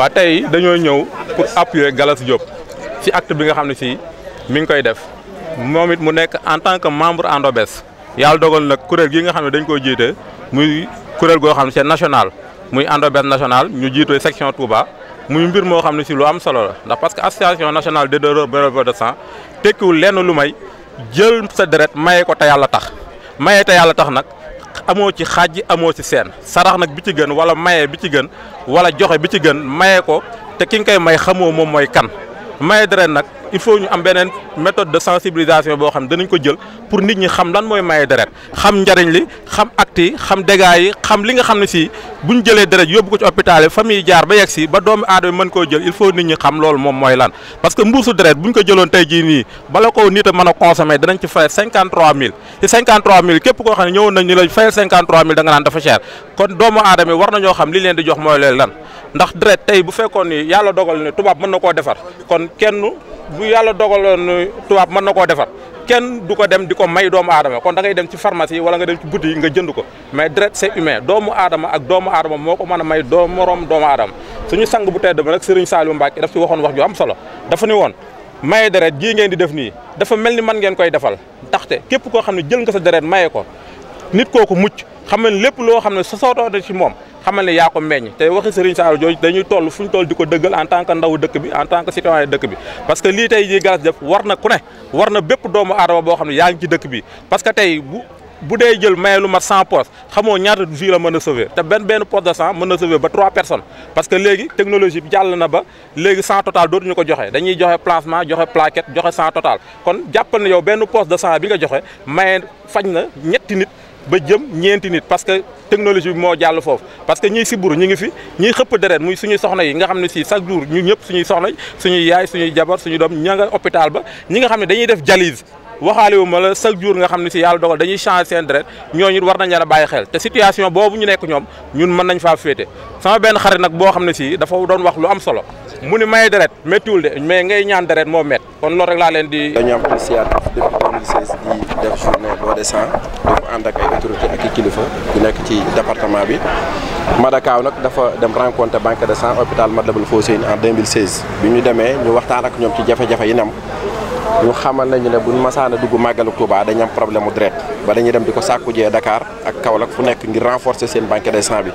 waa tey dañoo ñëw pour appuyer Gallas Diop ci acte bi nga xam ne si mi ngi koy def moom it mu nekk en tant que membre ANDOBES yàlla dogal nag kuréel gi nga xam ne dañ koy jiite muy kuréel goo xam ne c'est national muy ANDOBES national ñu jiitoo section Touba muy mbir moo xam ne si lu am solo la ndax parce que association nationale de donneurs de sang tekkiwul lenn lu may jël sa deret maye ko te yàlla tax maye te yàlla tax nag. amoo ci xaaj amoo ci seen sarax nag bi ci gën wala maye bi ci gën wala joxe bi ci gën maye ko te ki nga koy may xamoo moom mooy kan maye deret nag il faut ñu am beneen méthode de sensibilisation boo xam danañ ko jël pour nit ñi xam lan mooy maye deret xam njariñ li xam acte xam dégâts yi xam li nga xam ne si buñ jëlee deret yóbbu ko ci hôpital yi famille jaar ba yegg si ba doomu aadama mën koo jël il faut nit ñi xam loolu moom mooy lan parce que mbuusu deret buñ ko jëloon tey jii nii bala ko nit a mën a consommer danañ ci fayal 53000 ci 53000 képp koo xam ne ñëwoon nañ ni la fayal 53000 da nga naan dafa xam leen di jox mooy leen lan ndax deret tey bu fekkoon ni yàlla dogal ne tubaab mën na koo defar kenn bu yàlla dogaloon tubaab mën na koo defar kenn du ko dem di ko may doomu aadama kon da ngay dem ci pharmacie wala nga dem ci boutique yi nga jënd ko mais direct c'est humain doomu aadama ak doomu aadama moo ko mën a may doo moroom doomu aadama suñu sang bu tedd ba nag Serigne Saliou Mbacké daf ci waxoon wax ju am solo dafa ni woon maye deret gii ngeen di def nii dafa mel ni mën ngeen koy defal taxte képp koo xam ne jël nga sa deret maye ko nit kooku mucc xam ne lépp loo xam ne sosootoo ci moom xamal ne yaa ko mbeeñ te waxi Serigne Saliou jooju dañuy toll fu ñu toll di ko dëggal en tant que ndawu dëkk bi en tant que citoyen dëkk bi parce que lii tey jii Galas def war na ku ne war na bépp doomu aadama boo xam ne yaa ngi ci dëkk bi parce que tey bu bu dee jël maye lu mat cent poches xamoo ñaata vie la mën a sauver te benn benn poche de sang mën na sauver ba trois personnes parce que léegi technologie bi jàll na ba léegi sang total dootuñu ko joxe dañuy joxe plasma joxe plaquette joxe sang total kon jàppal na yow benn poche de sang bi nga joxe maye faj na ñetti nit. ba jëm ñeenti nit parce que technologie moo jàll foofu parce que si siburu ñu ngi fi ñiy xëpp deret muy suñu soxna yi nga xam ne si chaque jour ñu ñëpp suñuy soxna suñuy yaay suñuy jabar suñu doom ña nga hôpital ba ñi nga xam ne dañuy def dialyse waxaale wu ma la chaque jour nga xam ne si yàlla dogal dañuy changer seen deret ñooñu war nañ leen a bàyyi xel te situation boobu ñu nekk ñoom ñun mën nañ faa féete sama benn xarit nag boo xam ne si dafa doon wax lu am solo mu ni may deret méttiwul de mais ngay ñaan deret moo mett kon loolu rek laa leen di. dañu am initiative depuis 2016 di def journée de sang di ko ànd ak ay autorité ak kilifa yu nekk ci département bi Madakaw nag dafa dem rencontré banque de sang hôpital Matlaboul Fawzaini en 2016 bi ñu demee ñu waxtaan ak ñoom ci jafe-jafe yi nam ñu xamal nañu ne buñ masaana dugg màggalu Touba dañu am problème mu deret ba dañuy dem di ko sàkku jee Dakar ak Kaolack fu nekk ngir renforcer seen banque de sang bi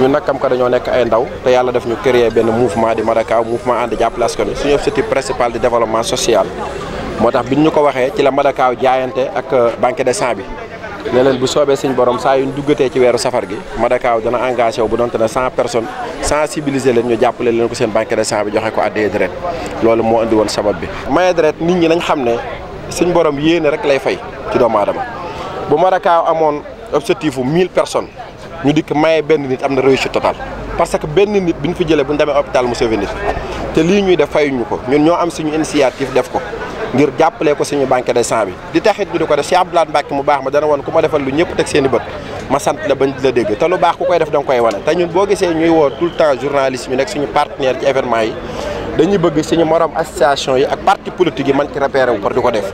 ñun nag kam ka dañoo nekk ay ndaw te yàlla def ñu créer benn mouvement di Madakaw mouvement ànd jàppale askan wi suñu objectif principal de développement social moo tax bi ñu ko waxee ci la Madakaw jaayante ak euh, banque de sang bi ne leen bu soobee suñ borom saa yu ñu duggatee ci weeru safar gi Madakaw dana engagé wu bu doonte ne cent personnes sensibiliser leen ñu jàppale leen ko seen banque de sang bi joxe ko addee deret loolu moo indi woon sabab bi maye nit ñi nañ xam ne suñ borom yéene rek lay fay ci doomu aadama bu Madakaw amoon objectif u 1000 personnes ñu dikk maye benn nit am na réussite totale parce que benn nit bi ñu fi jëlee bu ñu demee hôpital mu sauvé nit te lii ñuy def fayuñu ko ñun ñoo am suñu initiative def ko ngir jàppale ko suñu banque de sang di taxit ñu di ko def Cheikh Abdoulaye Mbacke mu baax ma dana woon ku ma defal lu ñëpp teg seen bët ma sant la bañ la dégg te lu baax ku koy def danga koy wane te ñun boo gisee ñuy woo tout le temps journaliste ñu nekk suñu partenaire ci événement yi dañuy bëgg suñu morom association yi ak parti politique yi man ci repéré wu par di ko def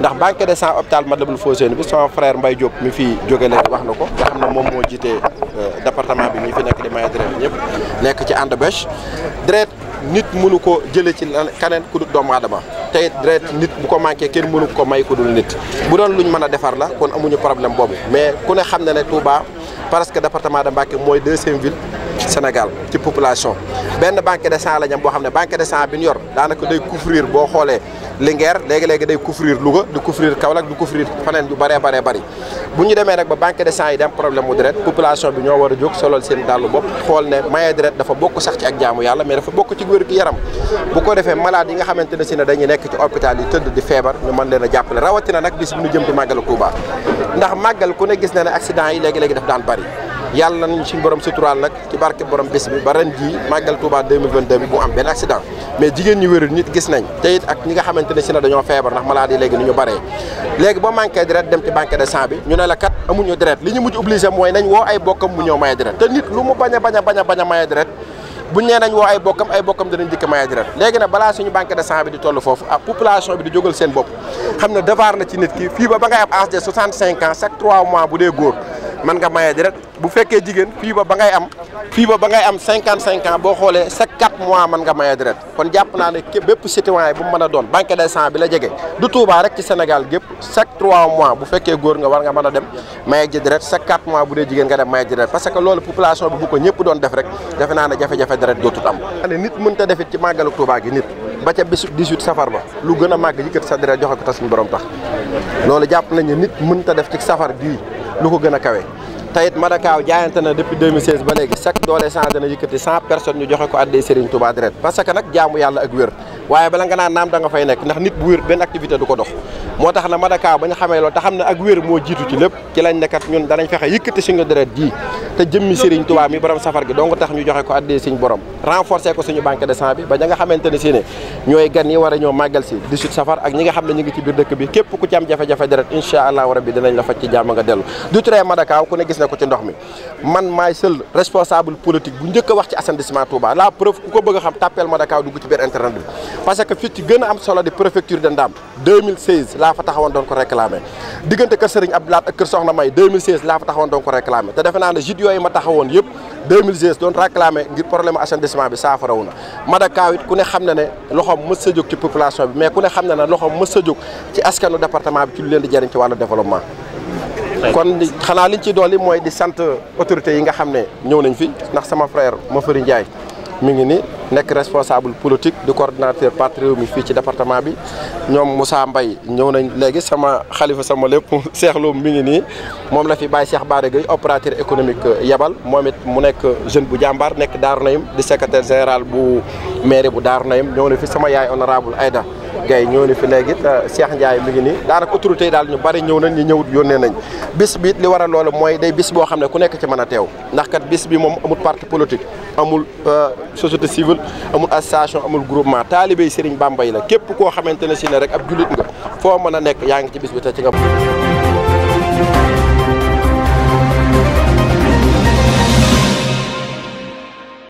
ndax banque de sang hôpital Matlaboul Fawzeyni bi sama frère Mbaye Diop mi fi jóge léegi wax na ko nga xam ne moom moo jiite euh, département bi ñi fi nekk di maye deret ñëpp nekk ci ànd bêche nit mënu ko jëlee ci keneen ku dul doomu aadama tey deret nit bu ko manqué kenn mënu ko may ku nit bu doon luñ mën a defar la kon amuñu problème boobu mais ku ne xam na ne Touba parce que département de Mbacké mooy deuxième ville Sénégal ci population benn banque de sang la boo xam ne banque de sang bi ñu yor daanaka day couvrir boo xoolee Linguère léegi-léegi day couvrir Louga di couvrir Kaolack di couvrir faneen yu bëree bëree bëri bu ñu demee nag ba banque de sang yi dem problème mu deret population bi ñoo war a jóg solol seen dàllu bopp xool ne maye deret dafa bokk sax ci ak jaamu yàlla mais dafa bokk ci wér yaram bu ko defee malaat yi nga xamante ne si ne dañu nekk ci hôpital yi tëdd d feebar ñu mën leen rawatina nag bis bi ñu jëm ci ndax màggal ku ne gis na ne accident yi léegi-léegi daf daan bëri yàlla nañu suñu borom suturaal nag ci barke borom bés bi ba ren jii màggal Touba 2022 am benn accident mais jigéen ñu wérul nit gis nañ te it ak ñi nga xamante ne si ne dañoo feebar ndax maladie léegi ni ñu bëree léegi boo manqué deret ne la kat amuñu deret li ñu mujj a a a a maye deret buñ ay bokkam ay bokkam danañ dikk maye deret léegi nag balaa suñu banque de sang bi di toll foofu ak ah population bi di jógal seen bopp xam ne devoir na ci nit ki fii ba ba ngay am âge de 65 ans chaque 3 mois bu dee góor man nga maye direct bu fekkee jigéen fii ba ba ngay am fii ba ba ngay am cinquante cinq boo xoolee chaque quatre mois man nga maye direct kon jàpp naa ne képp bépp citoyen bu mu a doon banque des sang bi la jege du Touba rek ci Sénégal gépp chaque trois mois bu fekkee góor nga war nga mën a dem maye ji direct chaque quatre mois bu dee jigéen nga dem maye ji direct parce que loolu population bi bu ko ñëpp doon def rek defe naa ne jafe-jafe direct dootut am. xam nit mënta defit ci màggalu Touba gi nit. ba ca bisu 18 safar ba lu gën a màgg yëkkati sa deret joxe ko tas suñu borom tax loolu jàpp nañ ne nit mën ta def ci safar gii lu ko gën a kawe tayit Madakaaw jaayante na depuis 2016 ba léegi chaque doole cent dana yëkkati 100 personnes joxe ko addee Serigne Touba deret parce nag jaamu yàlla ak wér waaye bala nga naan naam da nga fay nekk ndax nit bu wér benn activité du ko dox moo tax na Madaka ba ñu xamee loolu te xam ne ak wér moo jiitu ci lépp ci lañ nekkat ñun danañ fexe yëkkati suñu deret ji te jëmmi Serigne Touba mi borom tax ñu joxe ko addee suñ borom renforcer ko suñu banque de sang bi ba ña nga ne si ne ñooy gan yi war a ñoo màggal nga xam ne ñu ngi ci biir dëkk bi képp ku ci am la faj ci jàmm nga dellu du tere Madaka ku ne gis na ko ci ndox mi man maay seul responsable politique bu njëkk a wax ci assainissement Touba la preuve ku ko bëgg a xam tàppeel Madaka dugg ci biir internet bi parce que fii ci gën a am solo di préfecture de Ndam 2016 laa fa taxawoon doon ko réclamé diggante kër Serigne Abdou Lahad ak kër Soxna May laa fa taxawoon doon ko réclamé te defe naa ne jit yooyu ma taxawoon yëpp doon réclamé ngir problème assainissement bi saafarawu na Madakaw ku ne xam na ne loxoom mës sa jóg ci population bi mais ku ne xam na ne loxoom mës sa jóg ci askanu département bi ci lu leen di jëriñ ci wàllu développement kon xanaa liñ ci dolli mooy di sant autorités yi nga xam ne ñëw nañ fi ndax sama frère Mafari Ndiaye mi ngi ni nekk responsable politique di coordinateur parti Rewmi fii ci département bi ñoom Moussa mbay ñëw nañ léegi sama xalifa sama lépp Cheikh Loum mi ngi nii moom la fi Baye Cheikh Bara Gueye opérateur économique euh, yebal moom it mu nekk jeune bu jàmbaar nekk Darou Naïm di secrétaire général bu mairie bu Darou Naïm ñëw na fi sama yaay honorable Aïda Gaye ñëw na fi léegi euh, Cheikh Ndiaye mi ngi nii daanaka autorité yi daal ñu bari ñëw nañ ñu ñëwut yónnee nañ bis bi it li war a loolu mooy day bis boo xam ne ku nekk ci mën a teew ndax kat bis bi moom amul parti politique amul euh, société civile kuréel amul association amul groupement taalibey Serigne Bamba yi la képp koo xamante ne si rek ab jullit nga foo mën a nekk yaa ngi ci bis bi te ci nga